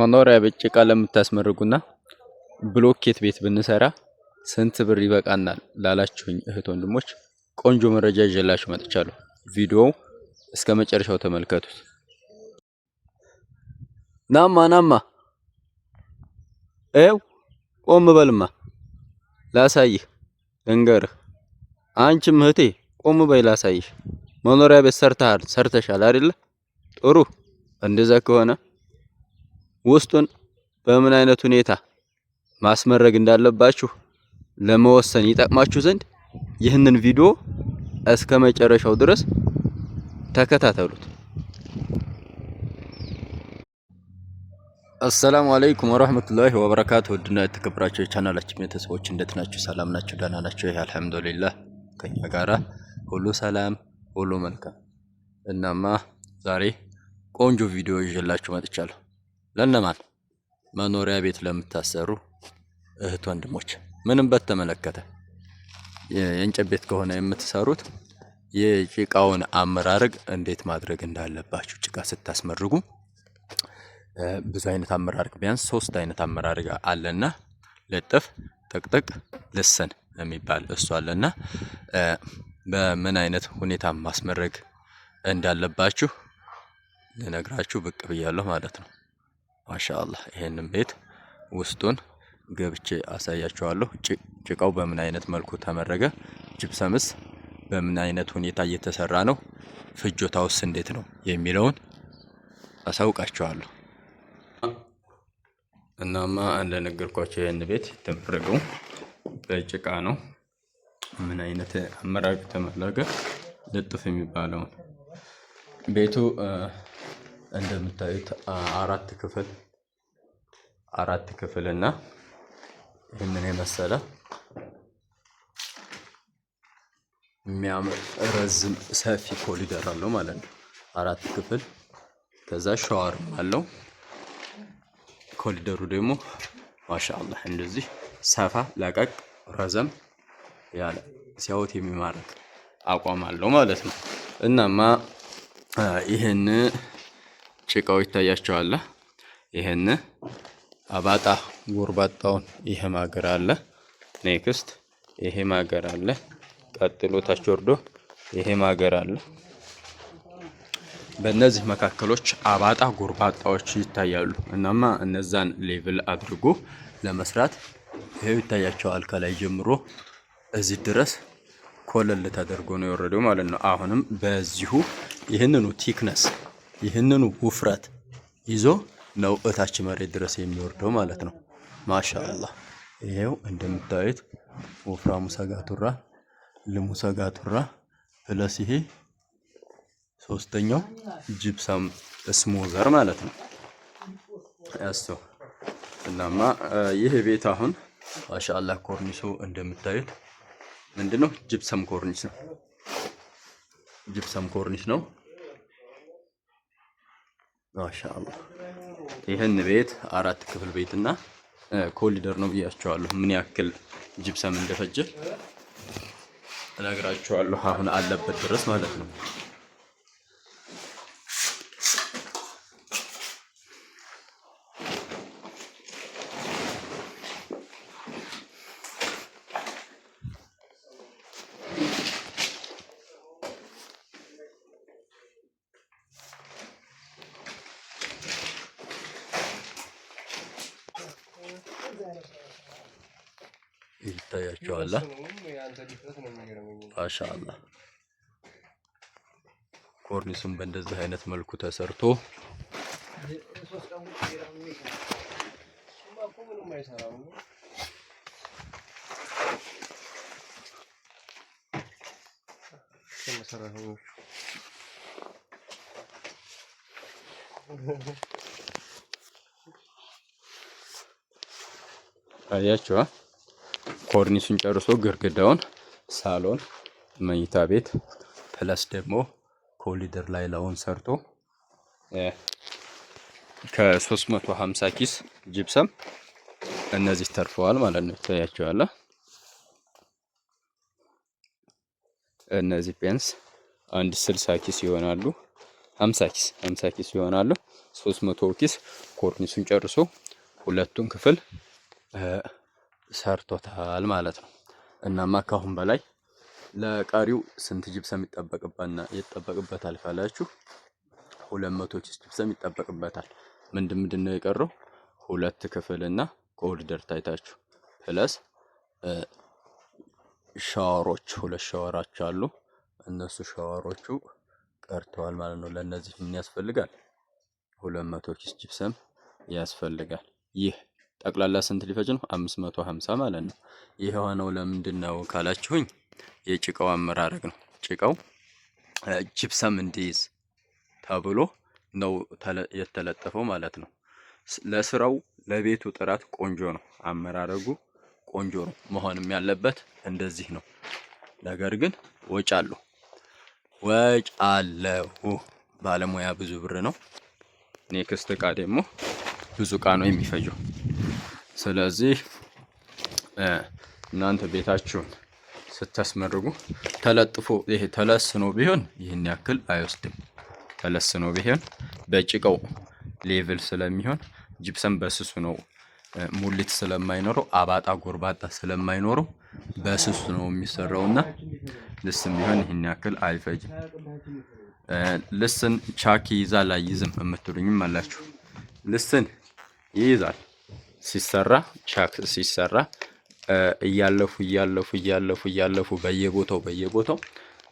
መኖሪያ ቤት ጭቃ ለምታስመርጉና ብሎኬት ቤት ብንሰራ ስንት ብር ይበቃናል ላላችሁኝ እህት ወንድሞች ቆንጆ መረጃ ይዤላችሁ መጥቻለሁ። ቪዲዮው እስከ መጨረሻው ተመልከቱት። ናማ ናማ ኤው ቆም በልማ ላሳይህ፣ ልንገርህ። አንቺም እህቴ ቆም በይ ላሳይህ። መኖሪያ ቤት ሰርተሃል ሰርተሻል አይደለ? ጥሩ። እንደዛ ከሆነ ውስጡን በምን አይነት ሁኔታ ማስመረግ እንዳለባችሁ ለመወሰን ይጠቅማችሁ ዘንድ ይህንን ቪዲዮ እስከ መጨረሻው ድረስ ተከታተሉት። አሰላሙ አለይኩም ወራህመቱላሂ ወበረካቱ። ውድና የተከበራችሁ የቻናላችን ቤተሰቦች እንዴት ናችሁ? ሰላም ናችሁ? ደህና ናችሁ? ይህ አልሐምዱሊላህ ከኛ ጋራ ሁሉ ሰላም፣ ሁሉ መልካም። እናማ ዛሬ ቆንጆ ቪዲዮ ይዤላችሁ መጥቻለሁ። ለነማን መኖሪያ ቤት ለምታሰሩ እህት ወንድሞች ምንም በተመለከተ የእንጨት ቤት ከሆነ የምትሰሩት የጭቃውን አመራረግ እንዴት ማድረግ እንዳለባችሁ ጭቃ ስታስመርጉ ብዙ አይነት አመራረግ ቢያንስ ሶስት አይነት አመራረግ አለና ልጥፍ፣ ጥቅጥቅ፣ ልስን የሚባል እሱ አለና በምን አይነት ሁኔታ ማስመረግ እንዳለባችሁ ልነግራችሁ ብቅ ብያለሁ ማለት ነው። ማሻአላህ ይሄንን ቤት ውስጡን ገብቼ አሳያችኋለሁ። ጭቃው በምን አይነት መልኩ ተመረገ፣ ጅብሰምስ በምን አይነት ሁኔታ እየተሰራ ነው፣ ፍጆታውስ እንዴት ነው የሚለውን አሳውቃችኋለሁ። እናማ እንደነገርኳቸው ይህን ቤት የተመረገው በጭቃ ነው። ምን አይነት አመራር ተመረገ፣ ልጥፍ የሚባለውን ቤቱ እንደምታዩት አራት ክፍል አራት ክፍል እና ይህንን የመሰለ የሚያምር ረዝም ሰፊ ኮሊደር አለው ማለት ነው። አራት ክፍል ከዛ ሸዋር አለው። ኮሊደሩ ደግሞ ማሻአላህ እንደዚህ ሰፋ ለቀቅ ረዘም ያለ ሲያወት የሚማረክ አቋም አለው ማለት ነው። እናማ ይህን ጭቃው ይታያቸዋል። ይህን አባጣ ጎርባጣውን ይሄ ማገር አለ። ኔክስት ይሄ ማገር አለ። ቀጥሎ ታች ወርዶ ይሄ ማገር አለ። በእነዚህ መካከሎች አባጣ ጎርባጣዎች ይታያሉ። እናማ እነዛን ሌቭል አድርጎ ለመስራት ይሄው ይታያቸዋል። ከላይ ጀምሮ እዚህ ድረስ ኮለል ተደርጎ ነው የወረደው ማለት ነው። አሁንም በዚሁ ይህንኑ ቲክነስ ይህንኑ ውፍረት ይዞ ነው እታች መሬት ድረስ የሚወርደው ማለት ነው። ማሻላ ይሄው እንደምታዩት ወፍራሙ ሰጋቱራ፣ ልሙ ሰጋቱራ ፕለስ ይሄ ሶስተኛው ጅብሰም ስሞዘር ማለት ነው። እሱ እናማ ይህ ቤት አሁን ማሻአላ ኮርኒሱ እንደምታዩት ምንድነው ጅብሰም ኮርኒስ ነው። ጅብሰም ኮርኒስ ነው። ማሻአላ ይህን ቤት አራት ክፍል ቤት እና ኮሊደር ነው ብያቸዋለሁ። ምን ያክል ጅብሰም እንደፈጀ እነግራቸዋለሁ። አሁን አለበት ድረስ ማለት ነው። ታያቸዋለህ። ማሻአላ ኮርኒሱም በእንደዚህ አይነት መልኩ ተሰርቶ ኮርኒሱን ጨርሶ ግርግዳውን ሳሎን፣ መኝታ ቤት ፕለስ ደግሞ ኮሊደር ላይ ላውን ሰርቶ ከ350 ኪስ ጅብሰም እነዚህ ተርፈዋል ማለት ነው። ይታያቸዋለ እነዚህ ፔንስ አንድ 60 ኪስ ይሆናሉ። 50 ኪስ 50 ኪስ ይሆናሉ። 300 ኪስ ኮርኒሱን ጨርሶ ሁለቱን ክፍል ሰርቶታል ማለት ነው። እናማ ካሁን በላይ ለቀሪው ስንት ጅብሰም ይጠበቅበታል ካላችሁ ሁለት መቶ ጅብሰም ይጠበቅበታል። ምንድን ምንድን ነው የቀረው? ሁለት ክፍልና ኮሪደር ታይታችሁ ፕለስ ሻወሮች ሁለት ሻወራች አሉ። እነሱ ሻወሮቹ ቀርተዋል ማለት ነው። ለእነዚህ ምን ያስፈልጋል? ሁለት መቶ ኪስ ጅብሰም ያስፈልጋል። ይህ ጠቅላላ ስንት ሊፈጅ ነው? 550 ማለት ነው። ይህ የሆነው ለምንድን ነው ካላችሁኝ የጭቃው አመራረግ ነው። ጭቃው ጅብሰም እንዲይዝ ተብሎ ነው የተለጠፈው ማለት ነው። ለስራው ለቤቱ ጥራት ቆንጆ ነው፣ አመራረጉ ቆንጆ ነው። መሆንም ያለበት እንደዚህ ነው። ነገር ግን ወጭ አለው ወጭ አለው። ባለሙያ ብዙ ብር ነው። ኔክስት እቃ ደግሞ ብዙ እቃ ነው የሚፈጀው። ስለዚህ እናንተ ቤታችሁን ስታስመርጉ ተለጥፎ ይሄ ተለስኖ ቢሆን ይህን ያክል አይወስድም። ተለስኖ ቢሆን በጭቃው ሌቭል ስለሚሆን ጅብሰም በስሱ ነው ሙሊት ስለማይኖረው አባጣ ጎርባጣ ስለማይኖረው በስሱ ነው የሚሰራውና ልስም ቢሆን ይህን ያክል አይፈጅም። ልስን ቻክ ይይዛል አይይዝም የምትሉኝም አላችሁ። ልስን ይይዛል። ሲሰራ ቻክ ሲሰራ እያለፉ እያለፉ እያለፉ እያለፉ በየቦታው በየቦታው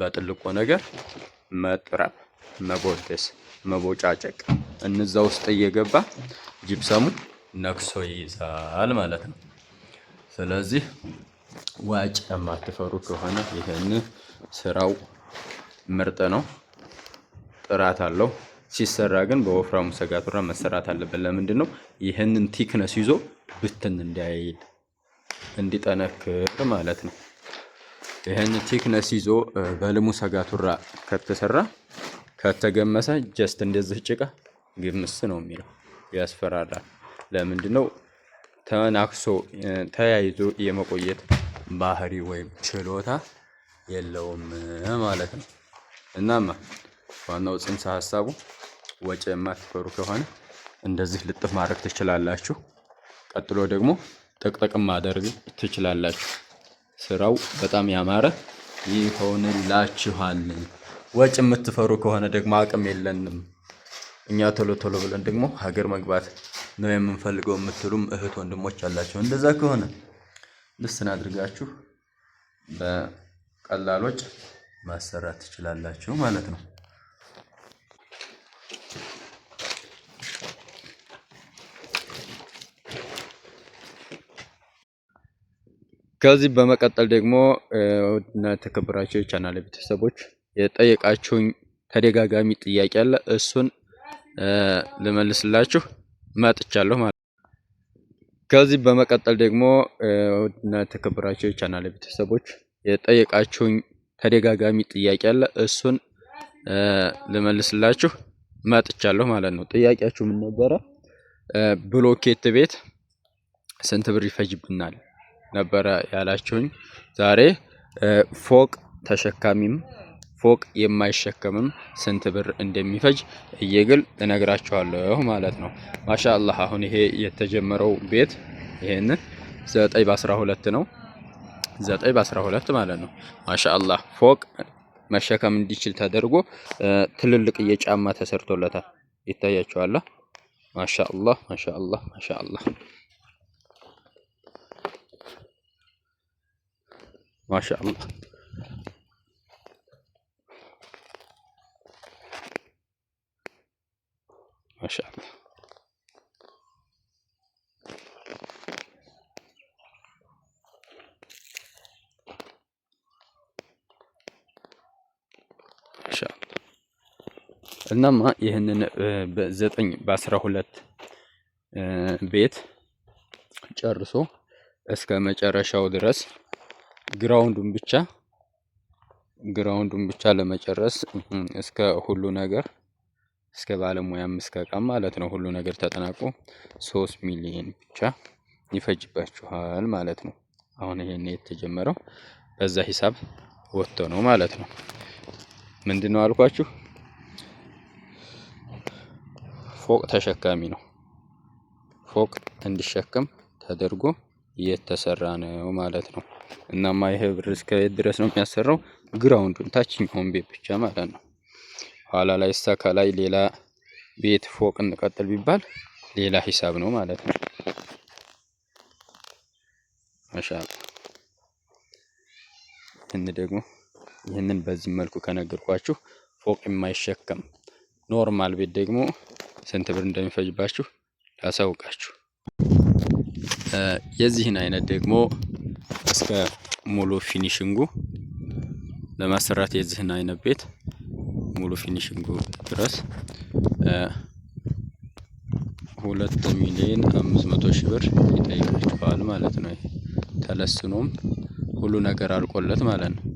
በጥልቆ ነገር መጥረብ፣ መቦደስ፣ መቦጫጨቅ እንዛ ውስጥ እየገባ ጅብሰሙ ነክሶ ይይዛል ማለት ነው። ስለዚህ ዋጭ የማትፈሩ ከሆነ ይህን ስራው ምርጥ ነው፣ ጥራት አለው። ሲሰራ ግን በወፍራሙ ሰጋቱራ መሰራት አለበት። ለምንድን ነው? ይህንን ቲክነስ ይዞ ብትን እንዳይል እንዲጠነክር ማለት ነው። ይህን ቲክነስ ይዞ በልሙ ሰጋቱራ ከተሰራ ከተገመሰ ጀስት እንደዚህ ጭቃ ግምስ ነው የሚለው ያስፈራራል። ለምንድን ነው? ተናክሶ ተያይዞ የመቆየት ባህሪ ወይም ችሎታ የለውም ማለት ነው። እናማ ዋናው ጽንሰ ሀሳቡ ወጪ የማትፈሩ ከሆነ እንደዚህ ልጥፍ ማድረግ ትችላላችሁ። ቀጥሎ ደግሞ ጥቅጥቅ ማድረግ ትችላላችሁ። ስራው በጣም ያማረ ይሆንላችኋል። ወጪ የምትፈሩ ከሆነ ደግሞ አቅም የለንም እኛ ቶሎ ቶሎ ብለን ደግሞ ሀገር መግባት ነው የምንፈልገው የምትሉም እህት ወንድሞች አላቸው። እንደዛ ከሆነ ልስን አድርጋችሁ በቀላል ወጪ ማሰራት ትችላላችሁ ማለት ነው። ከዚህ በመቀጠል ደግሞ እና የተከበራችሁ የቻናል ቤተሰቦች የጠየቃችሁኝ ተደጋጋሚ ጥያቄ አለ። እሱን ልመልስላችሁ መጥቻለሁ ማለት ከዚህ በመቀጠል ደግሞ እና የተከበራችሁ የቻናል ቤተሰቦች የጠየቃችሁኝ ተደጋጋሚ ጥያቄ አለ። እሱን ልመልስላችሁ መጥቻለሁ ማለት ነው። ጥያቄያችሁ ምን ነበረ? ብሎኬት ቤት ስንት ብር ይፈጅብናል? ነበረ ያላችሁኝ። ዛሬ ፎቅ ተሸካሚም ፎቅ የማይሸከምም ስንት ብር እንደሚፈጅ እየግል እነግራችኋለሁ ማለት ነው። ማሻአላህ አሁን ይሄ የተጀመረው ቤት ይሄንን ዘጠኝ በአስራ ሁለት ነው። ዘጠኝ በአስራ ሁለት ማለት ነው። ማሻአላህ ፎቅ መሸከም እንዲችል ተደርጎ ትልልቅ የጫማ ተሰርቶለታል። ይታያችኋላ። ማሻአላህ ማሻአላህ ማሻአላህ ማሻ አላህ እናማ ይህንን በዘጠኝ በአስራ ሁለት ቤት ጨርሶ እስከ መጨረሻው ድረስ ግራውንዱን ብቻ ግራውንዱን ብቻ ለመጨረስ እስከ ሁሉ ነገር እስከ ባለሙያም እስከ እቃም ማለት ነው ሁሉ ነገር ተጠናቆ ሶስት ሚሊዮን ብቻ ይፈጅባችኋል ማለት ነው። አሁን ይሄን የተጀመረው በዛ ሂሳብ ወጥቶ ነው ማለት ነው። ምንድን ነው አልኳችሁ? ፎቅ ተሸካሚ ነው። ፎቅ እንዲሸከም ተደርጎ የተሰራ ነው ማለት ነው። እናማ ይሄ ብር እስከ ድረስ ነው የሚያሰራው ግራውንዱን ታችኛውን ቤት ብቻ ማለት ነው። ኋላ ላይ እሳ ከላይ ሌላ ቤት ፎቅ እንቀጥል ቢባል ሌላ ሂሳብ ነው ማለት ነው። ማሻአላ ይህን ደግሞ ይህንን በዚህ መልኩ ከነገርኳችሁ ፎቅ የማይሸከም ኖርማል ቤት ደግሞ ስንት ብር እንደሚፈጅባችሁ ላሳውቃችሁ። የዚህን አይነት ደግሞ እስከ ሙሉ ፊኒሽንጉ ለማሰራት የዚህን አይነት ቤት ሙሉ ፊኒሽንጉ ድረስ ሁለት ሚሊዮን አምስት መቶ ሺህ ብር ይጠይቃችኋል ማለት ነው። ተለስኖም ሁሉ ነገር አልቆለት ማለት ነው።